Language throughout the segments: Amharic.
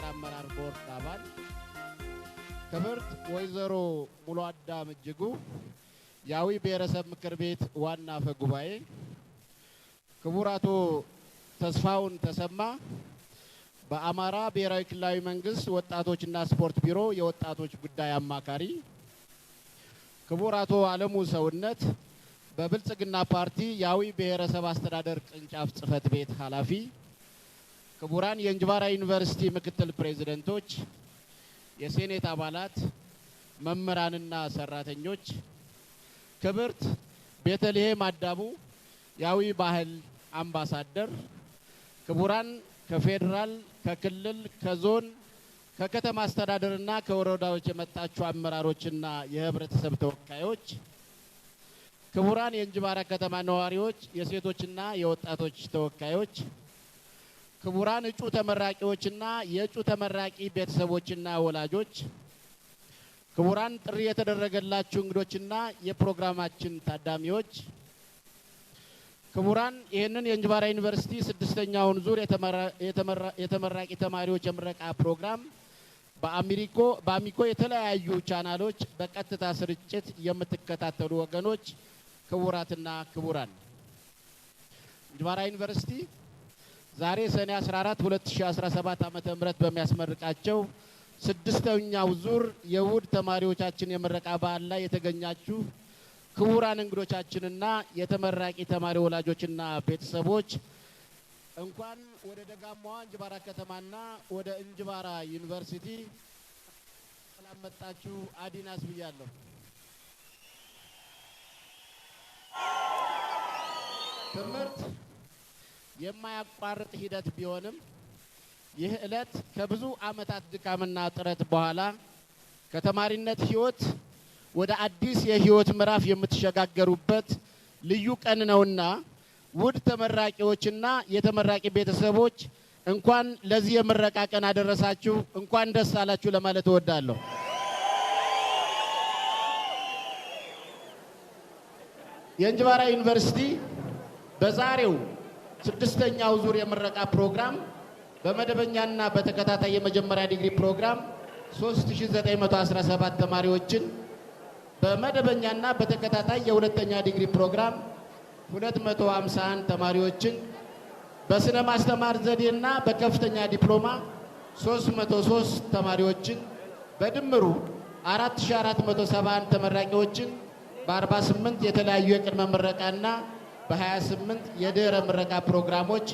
የስራ አመራር ቦርድ አባል ክብርት ወይዘሮ ሙሉ አዳም እጅጉ የአዊ ብሔረሰብ ምክር ቤት ዋና አፈ ጉባኤ፣ ክቡር አቶ ተስፋውን ተሰማ በአማራ ብሔራዊ ክልላዊ መንግስት ወጣቶችና ስፖርት ቢሮ የወጣቶች ጉዳይ አማካሪ፣ ክቡር አቶ አለሙ ሰውነት በብልጽግና ፓርቲ የአዊ ብሔረሰብ አስተዳደር ቅርንጫፍ ጽህፈት ቤት ኃላፊ ክቡራን የእንጅባራ ዩኒቨርሲቲ ምክትል ፕሬዚደንቶች የሴኔት አባላት፣ መምህራንና ሰራተኞች፣ ክብርት ቤተልሔም አዳሙ የአዊ ባህል አምባሳደር፣ ክቡራን ከፌዴራል፣ ከክልል፣ ከዞን፣ ከከተማ አስተዳደርና ከወረዳዎች የመጣችሁ አመራሮችና የህብረተሰብ ተወካዮች፣ ክቡራን የእንጅባራ ከተማ ነዋሪዎች፣ የሴቶችና የወጣቶች ተወካዮች ክቡራን እጩ ተመራቂዎችና የእጩ ተመራቂ ቤተሰቦችና ወላጆች፣ ክቡራን ጥሪ የተደረገላችሁ እንግዶችና የፕሮግራማችን ታዳሚዎች፣ ክቡራን ይህንን የእንጅባራ ዩኒቨርሲቲ ስድስተኛውን ዙር የተመራቂ ተማሪዎች የምረቃ ፕሮግራም በአሚኮ የተለያዩ ቻናሎች በቀጥታ ስርጭት የምትከታተሉ ወገኖች፣ ክቡራትና ክቡራን እንጅባራ ዩኒቨርሲቲ ዛሬ ሰኔ 14 2017 ዓ.ም በሚያስመርቃቸው ስድስተኛው ዙር የውድ ተማሪዎቻችን የምረቃ በዓል ላይ የተገኛችሁ ክቡራን እንግዶቻችንና የተመራቂ ተማሪ ወላጆችና ቤተሰቦች እንኳን ወደ ደጋማዋ እንጅባራ ከተማና ወደ እንጅባራ ዩኒቨርሲቲ ሰላም መጣችሁ። አዲናስ ብያለሁ። ትምህርት የማያቋርጥ ሂደት ቢሆንም ይህ ዕለት ከብዙ ዓመታት ድካምና ጥረት በኋላ ከተማሪነት ሕይወት ወደ አዲስ የሕይወት ምዕራፍ የምትሸጋገሩበት ልዩ ቀን ነውና ውድ ተመራቂዎችና የተመራቂ ቤተሰቦች እንኳን ለዚህ የምረቃ ቀን አደረሳችሁ፣ እንኳን ደስ አላችሁ ለማለት እወዳለሁ። የእንጅባራ ዩኒቨርሲቲ በዛሬው ስድስተኛው ዙር የምረቃ ፕሮግራም በመደበኛና በተከታታይ የመጀመሪያ ዲግሪ ፕሮግራም 3917 ተማሪዎችን በመደበኛና በተከታታይ የሁለተኛ ዲግሪ ፕሮግራም 251 ተማሪዎችን በስነ ማስተማር ዘዴና በከፍተኛ ዲፕሎማ 303 ተማሪዎችን በድምሩ 4471 ተመራቂዎችን በ48 የተለያዩ የቅድመ ምረቃና በ28 የድኅረ ምረቃ ፕሮግራሞች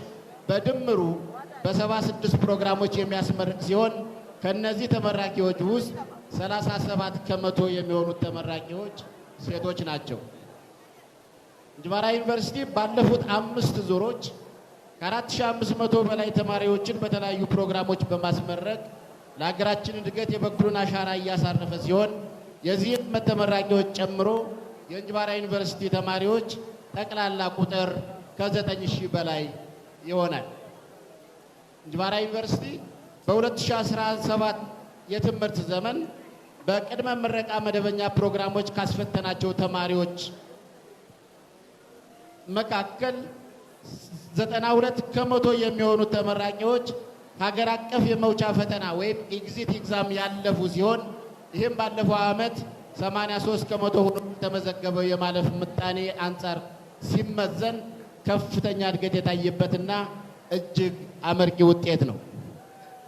በድምሩ በ76 ፕሮግራሞች የሚያስመርቅ ሲሆን ከእነዚህ ተመራቂዎች ውስጥ 37 ከመቶ የሚሆኑት ተመራቂዎች ሴቶች ናቸው። እንጅባራ ዩኒቨርሲቲ ባለፉት አምስት ዙሮች ከ4500 በላይ ተማሪዎችን በተለያዩ ፕሮግራሞች በማስመረቅ ለሀገራችን እድገት የበኩሉን አሻራ እያሳረፈ ሲሆን የዚህም ተመራቂዎች ጨምሮ የእንጅባራ ዩኒቨርሲቲ ተማሪዎች ጠቅላላ ቁጥር ከዘጠኝ ሺህ በላይ ይሆናል። እንጅባራ ዩኒቨርሲቲ በ2017 የትምህርት ዘመን በቅድመ ምረቃ መደበኛ ፕሮግራሞች ካስፈተናቸው ተማሪዎች መካከል 92 ከመቶ የሚሆኑ ተመራቂዎች ሀገር አቀፍ የመውጫ ፈተና ወይም ኤግዚት ኤግዛም ያለፉ ሲሆን ይህም ባለፈው ዓመት 83 ከመቶ ሆኖ የተመዘገበው የማለፍ ምጣኔ አንጻር ሲመዘን ከፍተኛ እድገት የታየበትና እጅግ አመርቂ ውጤት ነው።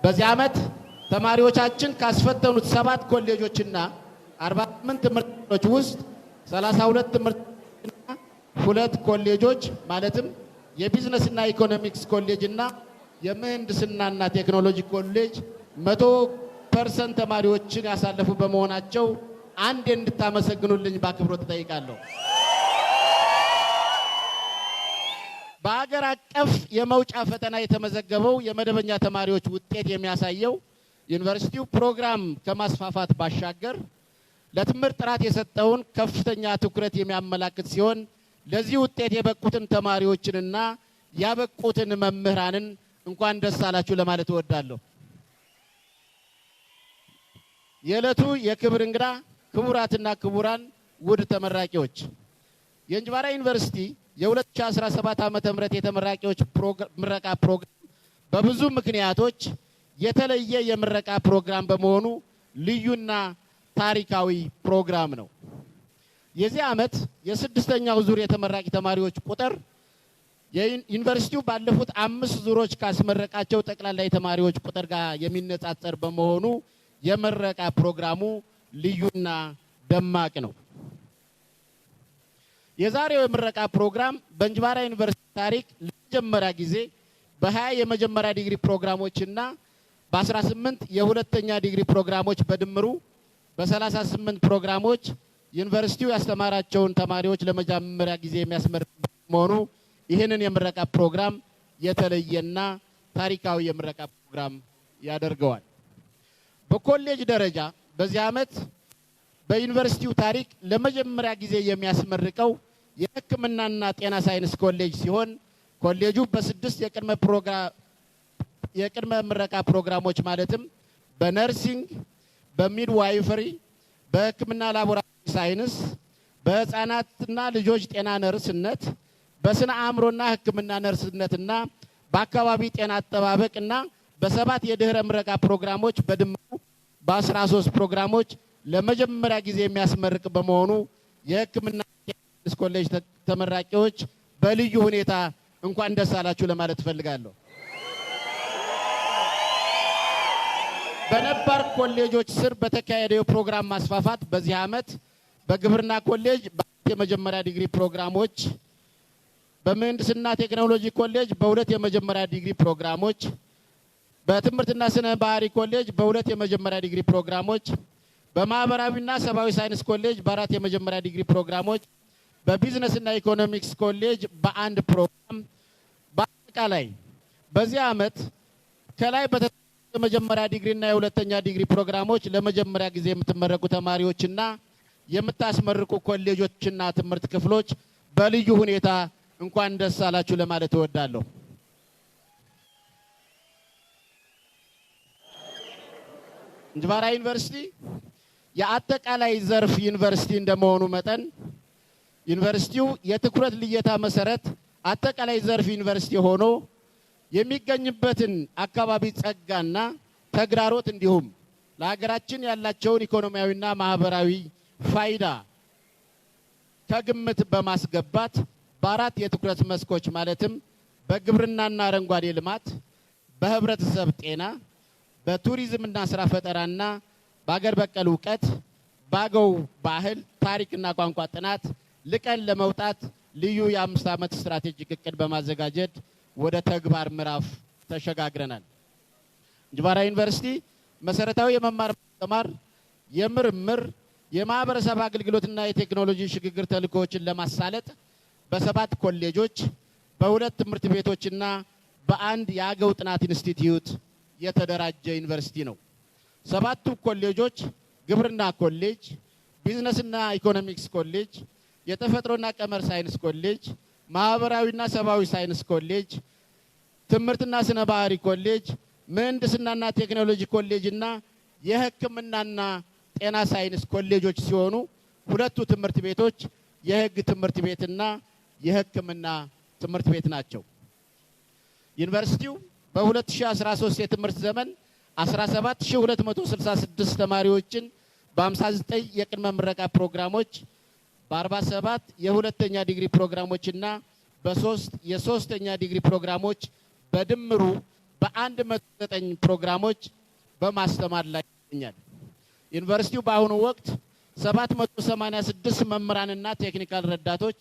በዚህ ዓመት ተማሪዎቻችን ካስፈተኑት ሰባት ኮሌጆችና 48 ትምህርት ቤቶች ውስጥ 32 ትምህርት ቤቶችና ሁለት ኮሌጆች ማለትም የቢዝነስና ኢኮኖሚክስ እና የምህንድስናና ቴክኖሎጂ ኮሌጅ መቶ ፐርሰንት ተማሪዎችን ያሳለፉ በመሆናቸው አንድ እንድታመሰግኑልኝ በአክብሮት ትጠይቃለሁ። በአገር አቀፍ የመውጫ ፈተና የተመዘገበው የመደበኛ ተማሪዎች ውጤት የሚያሳየው ዩኒቨርሲቲው ፕሮግራም ከማስፋፋት ባሻገር ለትምህርት ጥራት የሰጠውን ከፍተኛ ትኩረት የሚያመላክት ሲሆን ለዚህ ውጤት የበቁትን ተማሪዎችንና ያበቁትን መምህራንን እንኳን ደስ አላችሁ ለማለት እወዳለሁ። የዕለቱ የክብር እንግዳ ክቡራትና ክቡራን፣ ውድ ተመራቂዎች የእንጅባራ ዩኒቨርሲቲ የ2017 ዓ ም የተመራቂዎች ምረቃ ፕሮግራም በብዙ ምክንያቶች የተለየ የምረቃ ፕሮግራም በመሆኑ ልዩና ታሪካዊ ፕሮግራም ነው። የዚህ ዓመት የስድስተኛው ዙር የተመራቂ ተማሪዎች ቁጥር ዩኒቨርሲቲው ባለፉት አምስት ዙሮች ካስመረቃቸው ጠቅላላ የተማሪዎች ቁጥር ጋር የሚነጻጸር በመሆኑ የምረቃ ፕሮግራሙ ልዩና ደማቅ ነው። የዛሬው የምረቃ ፕሮግራም በእንጅባራ ዩኒቨርሲቲ ታሪክ ለመጀመሪያ ጊዜ በ20 የመጀመሪያ ዲግሪ ፕሮግራሞችና በ18 የሁለተኛ ዲግሪ ፕሮግራሞች በድምሩ በ38 ፕሮግራሞች ዩኒቨርሲቲው ያስተማራቸውን ተማሪዎች ለመጀመሪያ ጊዜ የሚያስመርቅ መሆኑ ይህንን የምረቃ ፕሮግራም የተለየና ታሪካዊ የምረቃ ፕሮግራም ያደርገዋል። በኮሌጅ ደረጃ በዚህ ዓመት በዩኒቨርሲቲው ታሪክ ለመጀመሪያ ጊዜ የሚያስመርቀው የሕክምናና ጤና ሳይንስ ኮሌጅ ሲሆን ኮሌጁ በስድስት የቅድመ ምረቃ ፕሮግራሞች ማለትም በነርሲንግ፣ በሚድዋይፈሪ፣ በሕክምና ላቦራቶሪ ሳይንስ፣ በህፃናትና ልጆች ጤና ነርስነት፣ በስነ አእምሮና ሕክምና ነርስነትና በአካባቢ ጤና አጠባበቅ እና በሰባት የድህረ ምረቃ ፕሮግራሞች በድምሩ በአስራ 13 ፕሮግራሞች ለመጀመሪያ ጊዜ የሚያስመርቅ በመሆኑ የህክምና አዲስ ኮሌጅ ተመራቂዎች በልዩ ሁኔታ እንኳን ደስ አላችሁ ለማለት እፈልጋለሁ። በነባር ኮሌጆች ስር በተካሄደው የፕሮግራም ማስፋፋት በዚህ ዓመት በግብርና ኮሌጅ በአራት የመጀመሪያ ዲግሪ ፕሮግራሞች፣ በምህንድስና ቴክኖሎጂ ኮሌጅ በሁለት የመጀመሪያ ዲግሪ ፕሮግራሞች፣ በትምህርትና ስነ ባህሪ ኮሌጅ በሁለት የመጀመሪያ ዲግሪ ፕሮግራሞች፣ በማህበራዊና ሰብአዊ ሳይንስ ኮሌጅ በአራት የመጀመሪያ ዲግሪ ፕሮግራሞች በቢዝነስና ኢኮኖሚክስ ኮሌጅ በአንድ ፕሮግራም በአጠቃላይ በዚህ ዓመት ከላይ የመጀመሪያ ዲግሪና የሁለተኛ ዲግሪ ፕሮግራሞች ለመጀመሪያ ጊዜ የምትመረቁ ተማሪዎችና የምታስመርቁ ኮሌጆችና ትምህርት ክፍሎች በልዩ ሁኔታ እንኳን ደስ አላችሁ ለማለት እወዳለሁ። እንጅባራ ዩኒቨርሲቲ የአጠቃላይ ዘርፍ ዩኒቨርሲቲ እንደመሆኑ መጠን ዩኒቨርሲቲው የትኩረት ልየታ መሰረት አጠቃላይ ዘርፍ ዩኒቨርሲቲ ሆኖ የሚገኝበትን አካባቢ ጸጋና ተግዳሮት እንዲሁም ለሀገራችን ያላቸውን ኢኮኖሚያዊና ማህበራዊ ፋይዳ ከግምት በማስገባት በአራት የትኩረት መስኮች ማለትም በግብርናና አረንጓዴ ልማት፣ በህብረተሰብ ጤና፣ በቱሪዝምና ስራ ፈጠራና በአገር በቀል እውቀት፣ በአገው ባህል ታሪክና ቋንቋ ጥናት ልቀን ለመውጣት ልዩ የአምስት ዓመት ስትራቴጂክ እቅድ በማዘጋጀት ወደ ተግባር ምዕራፍ ተሸጋግረናል። እንጅባራ ዩኒቨርሲቲ መሰረታዊ የመማር ማስተማር፣ የምርምር፣ የማህበረሰብ አገልግሎትና የቴክኖሎጂ ሽግግር ተልእኮዎችን ለማሳለጥ በሰባት ኮሌጆች በሁለት ትምህርት ቤቶችና በአንድ የአገው ጥናት ኢንስቲትዩት የተደራጀ ዩኒቨርሲቲ ነው። ሰባቱ ኮሌጆች ግብርና ኮሌጅ፣ ቢዝነስና ኢኮኖሚክስ ኮሌጅ የተፈጥሮና ቀመር ሳይንስ ኮሌጅ፣ ማህበራዊና ሰብአዊ ሳይንስ ኮሌጅ፣ ትምህርትና ስነ ባህሪ ኮሌጅ፣ ምህንድስናና ቴክኖሎጂ ኮሌጅ እና ጤና ሳይንስ ኮሌጆች ሲሆኑ ሁለቱ ትምህርት ቤቶች የህግ ትምህርት ቤትና የህክምና ትምህርት ቤት ናቸው። ዩኒቨርሲቲው በ2013 የትምህርት ዘመን 17266 ተማሪዎችን በ59 የቅድመ ምረቃ ፕሮግራሞች በ47 የሁለተኛ ዲግሪ ፕሮግራሞችና በሶስት የሶስተኛ ዲግሪ ፕሮግራሞች በድምሩ በ109 ፕሮግራሞች በማስተማር ላይ ይገኛል። ዩኒቨርሲቲው በአሁኑ ወቅት 786 መምህራንና ቴክኒካል ረዳቶች፣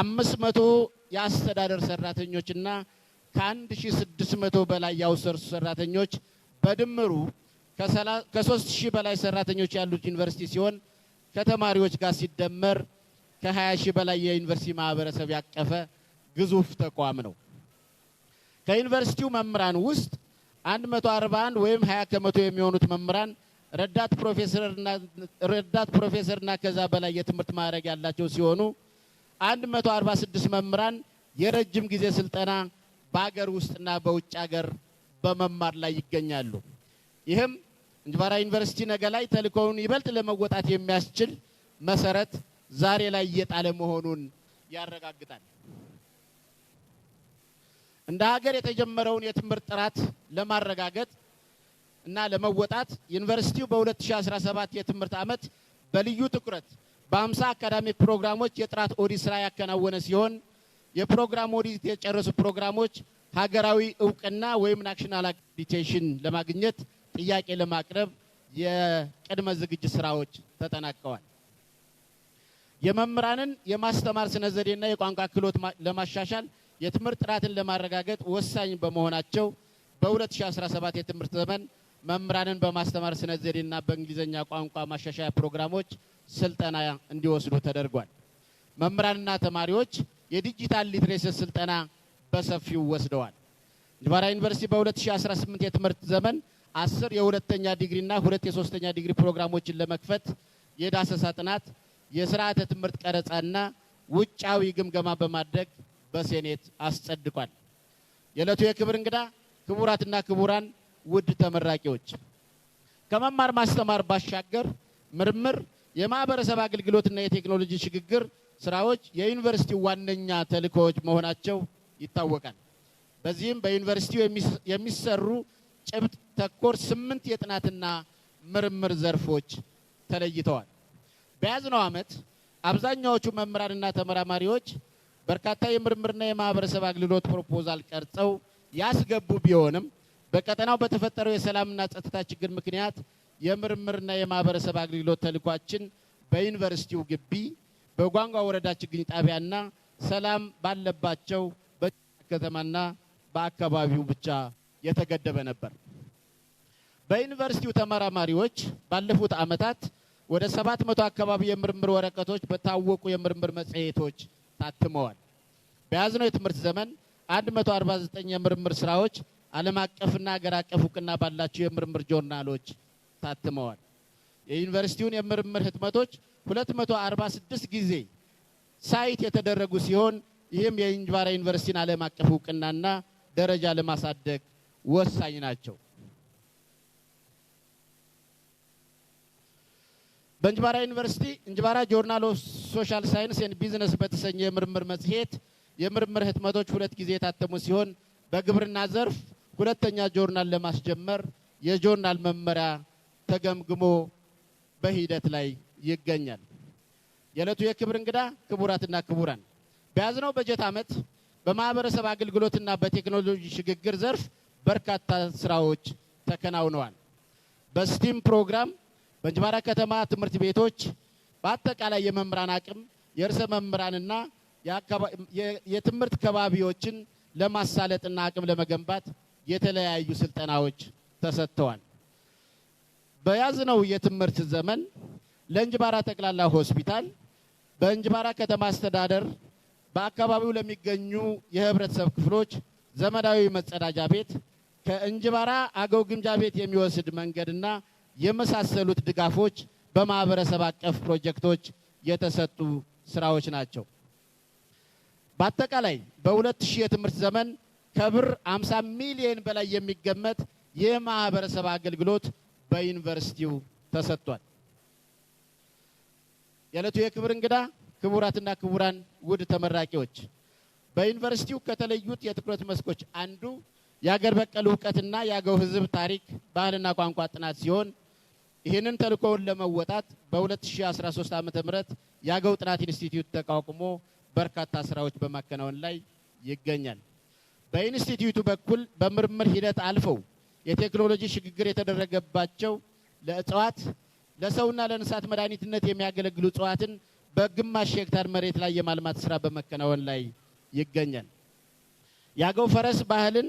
500 የአስተዳደር ሰራተኞችና ከ1600 በላይ የአውትሶርስ ሰራተኞች በድምሩ ከ3000 በላይ ሰራተኞች ያሉት ዩኒቨርሲቲ ሲሆን ከተማሪዎች ጋር ሲደመር ከ20 ሺህ በላይ የዩኒቨርሲቲ ማህበረሰብ ያቀፈ ግዙፍ ተቋም ነው። ከዩኒቨርሲቲው መምህራን ውስጥ 141 ወይም 20 ከመቶ የሚሆኑት መምህራን ረዳት ፕሮፌሰርና ከዛ በላይ የትምህርት ማዕረግ ያላቸው ሲሆኑ 146 መምህራን የረጅም ጊዜ ስልጠና በአገር ውስጥና በውጭ ሀገር በመማር ላይ ይገኛሉ። ይህም እንጅባራ ዩኒቨርሲቲ ነገ ላይ ተልእኮውን ይበልጥ ለመወጣት የሚያስችል መሰረት ዛሬ ላይ እየጣለ መሆኑን ያረጋግጣል። እንደ ሀገር የተጀመረውን የትምህርት ጥራት ለማረጋገጥ እና ለመወጣት ዩኒቨርሲቲው በ2017 የትምህርት ዓመት በልዩ ትኩረት በ50 አካዳሚክ ፕሮግራሞች የጥራት ኦዲት ስራ ያከናወነ ሲሆን የፕሮግራም ኦዲት የጨረሱ ፕሮግራሞች ሀገራዊ እውቅና ወይም ናሽናል አክሬዲቴሽን ለማግኘት ጥያቄ ለማቅረብ የቅድመ ዝግጅት ስራዎች ተጠናቀዋል። የመምህራንን የማስተማር ስነ ዘዴና የቋንቋ ክህሎት ለማሻሻል የትምህርት ጥራትን ለማረጋገጥ ወሳኝ በመሆናቸው በ2017 የትምህርት ዘመን መምህራንን በማስተማር ስነ ዘዴና በእንግሊዝኛ ቋንቋ ማሻሻያ ፕሮግራሞች ስልጠና እንዲወስዱ ተደርጓል። መምህራንና ተማሪዎች የዲጂታል ሊትሬሲ ስልጠና በሰፊው ወስደዋል። እንጅባራ ዩኒቨርሲቲ በ2018 የትምህርት ዘመን አስር የሁለተኛ ዲግሪና ሁለት የሶስተኛ ዲግሪ ፕሮግራሞችን ለመክፈት የዳሰሳ ጥናት፣ የስርዓተ ትምህርት ቀረጻና ውጫዊ ግምገማ በማድረግ በሴኔት አስጸድቋል። የዕለቱ የክብር እንግዳ ክቡራትና ክቡራን፣ ውድ ተመራቂዎች ከመማር ማስተማር ባሻገር ምርምር፣ የማህበረሰብ አገልግሎትና የቴክኖሎጂ ሽግግር ስራዎች የዩኒቨርሲቲው ዋነኛ ተልእኮዎች መሆናቸው ይታወቃል። በዚህም በዩኒቨርሲቲው የሚሰሩ ጭብጥ ተኮር ስምንት የጥናትና ምርምር ዘርፎች ተለይተዋል። በያዝነው ዓመት አብዛኛዎቹ መምህራንና ተመራማሪዎች በርካታ የምርምርና የማህበረሰብ አገልግሎት ፕሮፖዛል ቀርጸው ያስገቡ ቢሆንም በቀጠናው በተፈጠረው የሰላምና ጸጥታ ችግር ምክንያት የምርምርና የማህበረሰብ አገልግሎት ተልኳችን በዩኒቨርሲቲው ግቢ በጓንጓ ወረዳ ችግኝ ጣቢያና ሰላም ባለባቸው በከተማና በአካባቢው ብቻ የተገደበ ነበር። በዩኒቨርሲቲው ተመራማሪዎች ባለፉት ዓመታት ወደ 700 አካባቢ የምርምር ወረቀቶች በታወቁ የምርምር መጽሔቶች ታትመዋል። በያዝነው የትምህርት ዘመን 149 የምርምር ስራዎች ዓለም አቀፍና አገር አቀፍ እውቅና ባላቸው የምርምር ጆርናሎች ታትመዋል። የዩኒቨርሲቲውን የምርምር ህትመቶች 246 ጊዜ ሳይት የተደረጉ ሲሆን ይህም የእንጅባራ ዩኒቨርሲቲን ዓለም አቀፍ እውቅናና ደረጃ ለማሳደግ ወሳኝ ናቸው። በእንጅባራ ዩኒቨርሲቲ እንጅባራ ጆርናል ኦፍ ሶሻል ሳይንስ ኤንድ ቢዝነስ በተሰኘ የምርምር መጽሔት የምርምር ህትመቶች ሁለት ጊዜ የታተሙ ሲሆን በግብርና ዘርፍ ሁለተኛ ጆርናል ለማስጀመር የጆርናል መመሪያ ተገምግሞ በሂደት ላይ ይገኛል። የዕለቱ የክብር እንግዳ ክቡራትና ክቡራን፣ በያዝነው በጀት ዓመት በማህበረሰብ አገልግሎትና በቴክኖሎጂ ሽግግር ዘርፍ በርካታ ስራዎች ተከናውነዋል። በስቲም ፕሮግራም በእንጅባራ ከተማ ትምህርት ቤቶች በአጠቃላይ የመምህራን አቅም የእርሰ መምህራንና የትምህርት ከባቢዎችን ለማሳለጥና አቅም ለመገንባት የተለያዩ ስልጠናዎች ተሰጥተዋል። በያዝነው የትምህርት ዘመን ለእንጅባራ ጠቅላላ ሆስፒታል በእንጅባራ ከተማ አስተዳደር በአካባቢው ለሚገኙ የህብረተሰብ ክፍሎች ዘመናዊ መጸዳጃ ቤት ከእንጅባራ አገው ግምጃ ቤት የሚወስድ መንገድና የመሳሰሉት ድጋፎች በማህበረሰብ አቀፍ ፕሮጀክቶች የተሰጡ ስራዎች ናቸው። በአጠቃላይ በ2000 የትምህርት ዘመን ከብር 50 ሚሊዮን በላይ የሚገመት የማህበረሰብ አገልግሎት በዩኒቨርሲቲው ተሰጥቷል። የዕለቱ የክብር እንግዳ ክቡራትና ክቡራን ውድ ተመራቂዎች በዩኒቨርሲቲው ከተለዩት የትኩረት መስኮች አንዱ የአገር በቀል እውቀትና የአገው ህዝብ ታሪክ ባህልና ቋንቋ ጥናት ሲሆን ይህንን ተልእኮውን ለመወጣት በ2013 ዓ ም የአገው ጥናት ኢንስቲትዩት ተቋቁሞ በርካታ ስራዎች በማከናወን ላይ ይገኛል። በኢንስቲትዩቱ በኩል በምርምር ሂደት አልፈው የቴክኖሎጂ ሽግግር የተደረገባቸው ለእጽዋት ለሰውና ለእንስሳት መድኃኒትነት የሚያገለግሉ እጽዋትን በግማሽ ሄክታር መሬት ላይ የማልማት ስራ በመከናወን ላይ ይገኛል። የአገው ፈረስ ባህልን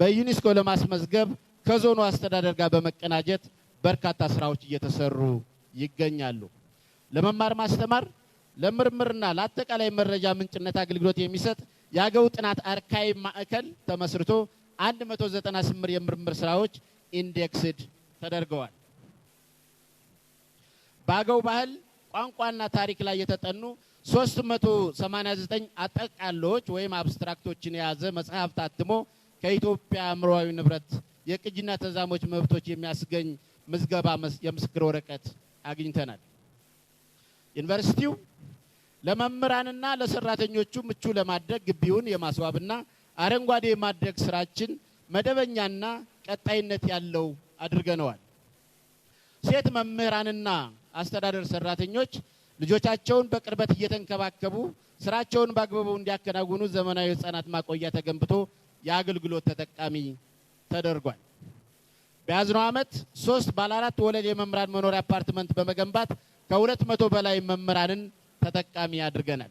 በዩኒስኮ ለማስመዝገብ ከዞኑ አስተዳደር ጋር በመቀናጀት በርካታ ስራዎች እየተሰሩ ይገኛሉ። ለመማር ማስተማር፣ ለምርምርና ለአጠቃላይ መረጃ ምንጭነት አገልግሎት የሚሰጥ የአገው ጥናት አርካይቭ ማዕከል ተመስርቶ 198 የምርምር ስራዎች ኢንዴክስድ ተደርገዋል። በአገው ባህል ቋንቋና ታሪክ ላይ የተጠኑ 389 አጠቃሎች ወይም አብስትራክቶችን የያዘ መጽሐፍ ታትሞ ከኢትዮጵያ አእምሯዊ ንብረት የቅጂና ተዛሞች መብቶች የሚያስገኝ ምዝገባ የምስክር ወረቀት አግኝተናል። ዩኒቨርሲቲው ለመምህራንና ለሰራተኞቹ ምቹ ለማድረግ ግቢውን የማስዋብና አረንጓዴ የማድረግ ስራችን መደበኛና ቀጣይነት ያለው አድርገነዋል። ሴት መምህራንና አስተዳደር ሰራተኞች ልጆቻቸውን በቅርበት እየተንከባከቡ ስራቸውን በአግባቡ እንዲያከናውኑ ዘመናዊ ህጻናት ማቆያ ተገንብቶ የአገልግሎት ተጠቃሚ ተደርጓል። በያዝነው ዓመት ሶስት ባለ አራት ወለል የመምህራን መኖሪያ አፓርትመንት በመገንባት ከሁለት መቶ በላይ መምህራንን ተጠቃሚ አድርገናል።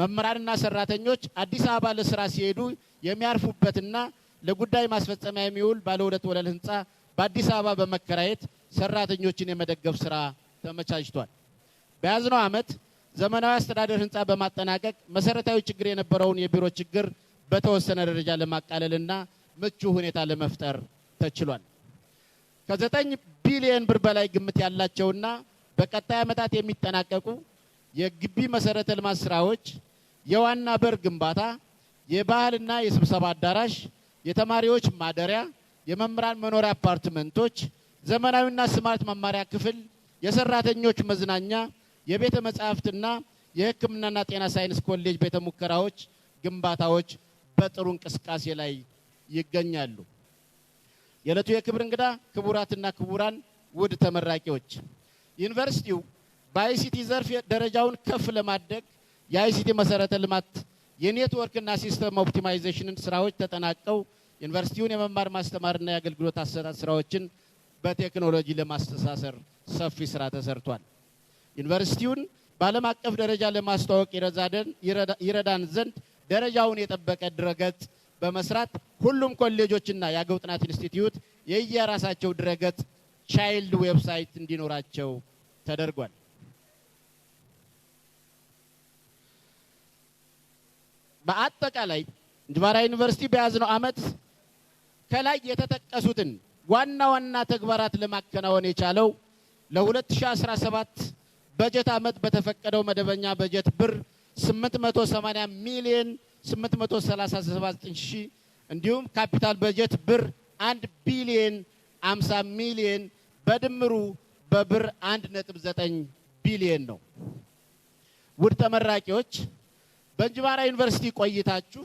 መምህራንና ሰራተኞች አዲስ አበባ ለስራ ሲሄዱ የሚያርፉበትና ለጉዳይ ማስፈጸሚያ የሚውል ባለ ሁለት ወለል ህንፃ በአዲስ አበባ በመከራየት ሰራተኞችን የመደገፍ ስራ ተመቻችቷል። በያዝነው ዓመት ዘመናዊ አስተዳደር ህንፃ በማጠናቀቅ መሰረታዊ ችግር የነበረውን የቢሮ ችግር በተወሰነ ደረጃ ለማቃለልና ምቹ ሁኔታ ለመፍጠር ተችሏል። ከዘጠኝ ቢሊየን ብር በላይ ግምት ያላቸውና በቀጣይ ዓመታት የሚጠናቀቁ የግቢ መሰረተ ልማት ስራዎች፣ የዋና በር ግንባታ፣ የባህልና የስብሰባ አዳራሽ፣ የተማሪዎች ማደሪያ፣ የመምህራን መኖሪያ አፓርትመንቶች፣ ዘመናዊና ስማርት መማሪያ ክፍል፣ የሰራተኞች መዝናኛ፣ የቤተ መጻሕፍትና የሕክምናና ጤና ሳይንስ ኮሌጅ ቤተ ሙከራዎች ግንባታዎች በጥሩ እንቅስቃሴ ላይ ይገኛሉ። የዕለቱ የክብር እንግዳ ክቡራትና ክቡራን ውድ ተመራቂዎች ዩኒቨርሲቲው በአይሲቲ ዘርፍ ደረጃውን ከፍ ለማድረግ የአይሲቲ መሰረተ ልማት የኔትወርክና ሲስተም ኦፕቲማይዜሽንን ስራዎች ተጠናቀው ዩኒቨርሲቲውን የመማር ማስተማርና የአገልግሎት አሰጣጥ ስራዎችን በቴክኖሎጂ ለማስተሳሰር ሰፊ ስራ ተሰርቷል። ዩኒቨርሲቲውን በዓለም አቀፍ ደረጃ ለማስተዋወቅ ይረዳን ዘንድ ደረጃውን የጠበቀ ድረገጽ በመስራት ሁሉም ኮሌጆችና የአገው ጥናት ኢንስቲትዩት የየራሳቸው ድረገጽ ቻይልድ ዌብሳይት እንዲኖራቸው ተደርጓል። በአጠቃላይ እንጅባራ ዩኒቨርሲቲ በያዝነው ዓመት ከላይ የተጠቀሱትን ዋና ዋና ተግባራት ለማከናወን የቻለው ለ2017 በጀት ዓመት በተፈቀደው መደበኛ በጀት ብር 880 ሚሊዮን 837 ሺህ እንዲሁም ካፒታል በጀት ብር 1 ቢሊዮን 50 ሚሊዮን በድምሩ በብር 1.9 ቢሊዮን ነው። ውድ ተመራቂዎች በእንጅባራ ዩኒቨርሲቲ ቆይታችሁ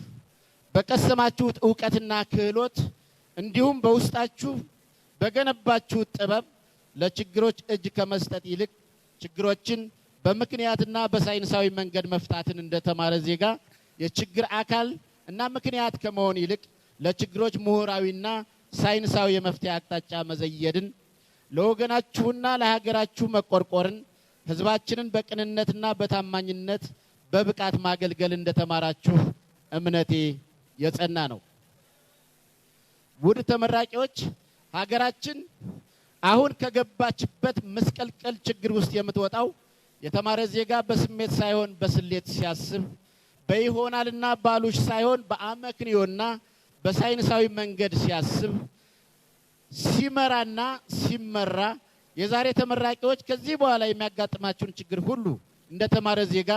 በቀሰማችሁት እውቀትና ክህሎት እንዲሁም በውስጣችሁ በገነባችሁት ጥበብ ለችግሮች እጅ ከመስጠት ይልቅ ችግሮችን በምክንያትና በሳይንሳዊ መንገድ መፍታትን እንደተማረ ዜጋ የችግር አካል እና ምክንያት ከመሆን ይልቅ ለችግሮች ምሁራዊና ሳይንሳዊ የመፍትሄ አቅጣጫ መዘየድን፣ ለወገናችሁና ለሀገራችሁ መቆርቆርን፣ ህዝባችንን በቅንነትና በታማኝነት በብቃት ማገልገል እንደተማራችሁ እምነቴ የጸና ነው። ውድ ተመራቂዎች፣ ሀገራችን አሁን ከገባችበት ምስቅልቅል ችግር ውስጥ የምትወጣው የተማረ ዜጋ በስሜት ሳይሆን በስሌት ሲያስብ በይሆናልና ባሉሽ ሳይሆን በአመክንዮና በሳይንሳዊ መንገድ ሲያስብ ሲመራና ሲመራ የዛሬ ተመራቂዎች ከዚህ በኋላ የሚያጋጥማቸውን ችግር ሁሉ እንደ ተማረ ዜጋ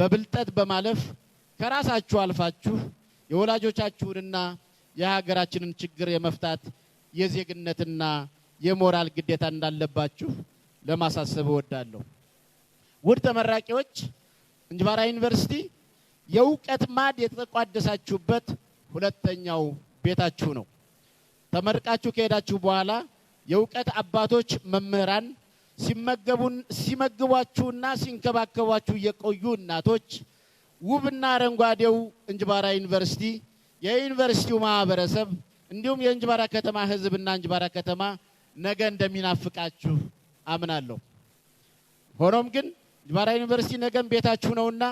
በብልጠት በማለፍ ከራሳችሁ አልፋችሁ የወላጆቻችሁንና የሀገራችንን ችግር የመፍታት የዜግነትና የሞራል ግዴታ እንዳለባችሁ ለማሳሰብ እወዳለሁ። ውድ ተመራቂዎች እንጅባራ ዩኒቨርሲቲ የእውቀት ማድ የተቋደሳችሁበት ሁለተኛው ቤታችሁ ነው። ተመርቃችሁ ከሄዳችሁ በኋላ የእውቀት አባቶች መምህራን ሲመገቡን ሲመግቧችሁና ሲንከባከቧችሁ የቆዩ እናቶች ውብና አረንጓዴው እንጅባራ ዩኒቨርሲቲ የዩኒቨርሲቲው ማህበረሰብ እንዲሁም የእንጅባራ ከተማ ህዝብና እንጅባራ ከተማ ነገ እንደሚናፍቃችሁ አምናለሁ። ሆኖም ግን ባራ ዩኒቨርሲቲ ነገም ቤታችሁ ነውና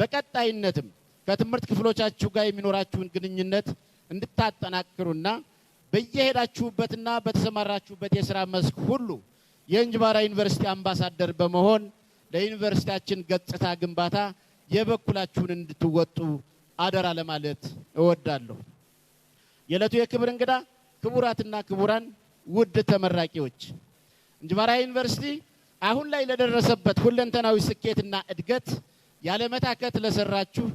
በቀጣይነትም ከትምህርት ክፍሎቻችሁ ጋር የሚኖራችሁን ግንኙነት እንድታጠናክሩና በየሄዳችሁበትና በተሰማራችሁበት የስራ መስክ ሁሉ የእንጅባራ ዩኒቨርሲቲ አምባሳደር በመሆን ለዩኒቨርሲቲያችን ገጽታ ግንባታ የበኩላችሁን እንድትወጡ አደራ ለማለት እወዳለሁ። የዕለቱ የክብር እንግዳ ክቡራትና ክቡራን፣ ውድ ተመራቂዎች እንጅባራ ዩኒቨርሲቲ አሁን ላይ ለደረሰበት ሁለንተናዊ ስኬትና እድገት ያለመታከት ለሰራችሁ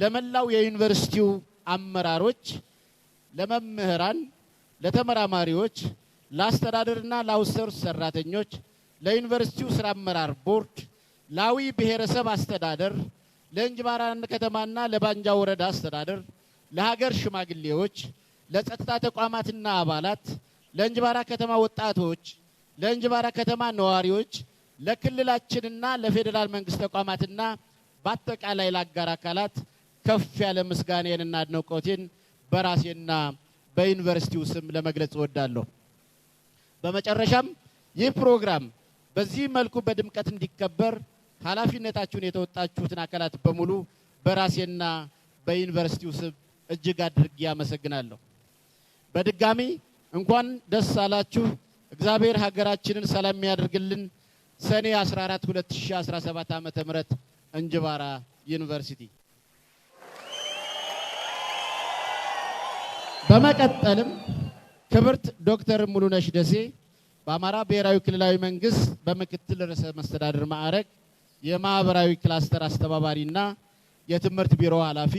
ለመላው የዩኒቨርሲቲው አመራሮች፣ ለመምህራን፣ ለተመራማሪዎች፣ ለአስተዳደርና ለአውትሶርስ ሰራተኞች፣ ለዩኒቨርሲቲው ስራ አመራር ቦርድ፣ ለአዊ ብሔረሰብ አስተዳደር፣ ለእንጅባራን ከተማና ለባንጃ ወረዳ አስተዳደር፣ ለሀገር ሽማግሌዎች፣ ለጸጥታ ተቋማትና አባላት፣ ለእንጅባራ ከተማ ወጣቶች፣ ለእንጅባራ ከተማ ነዋሪዎች ለክልላችንና ለፌዴራል መንግስት ተቋማትና በአጠቃላይ ለአጋር አካላት ከፍ ያለ ምስጋናዬንና አድናቆቴን በራሴና በዩኒቨርሲቲው ስም ለመግለጽ እወዳለሁ። በመጨረሻም ይህ ፕሮግራም በዚህ መልኩ በድምቀት እንዲከበር ኃላፊነታችሁን የተወጣችሁትን አካላት በሙሉ በራሴና በዩኒቨርሲቲው ስም እጅግ አድርጌ አመሰግናለሁ። በድጋሚ እንኳን ደስ አላችሁ። እግዚአብሔር ሀገራችንን ሰላም ያደርግልን። ሰኔ 14 2017 ዓ.ም እንጅባራ ዩኒቨርሲቲ። በመቀጠልም ክብርት ዶክተር ሙሉነሽ ደሴ በአማራ ብሔራዊ ክልላዊ መንግስት በምክትል ርዕሰ መስተዳድር ማዕረግ የማህበራዊ ክላስተር አስተባባሪና የትምህርት ቢሮ ኃላፊ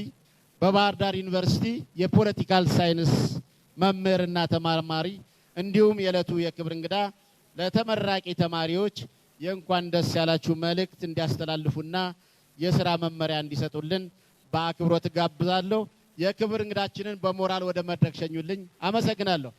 በባህር ዳር ዩኒቨርሲቲ የፖለቲካል ሳይንስ መምህርና ተማርማሪ እንዲሁም የዕለቱ የክብር እንግዳ ለተመራቂ ተማሪዎች የእንኳን ደስ ያላችሁ መልእክት እንዲያስተላልፉና የስራ መመሪያ እንዲሰጡልን በአክብሮት ጋብዛለሁ። የክብር እንግዳችንን በሞራል ወደ መድረክ ሸኙልኝ። አመሰግናለሁ።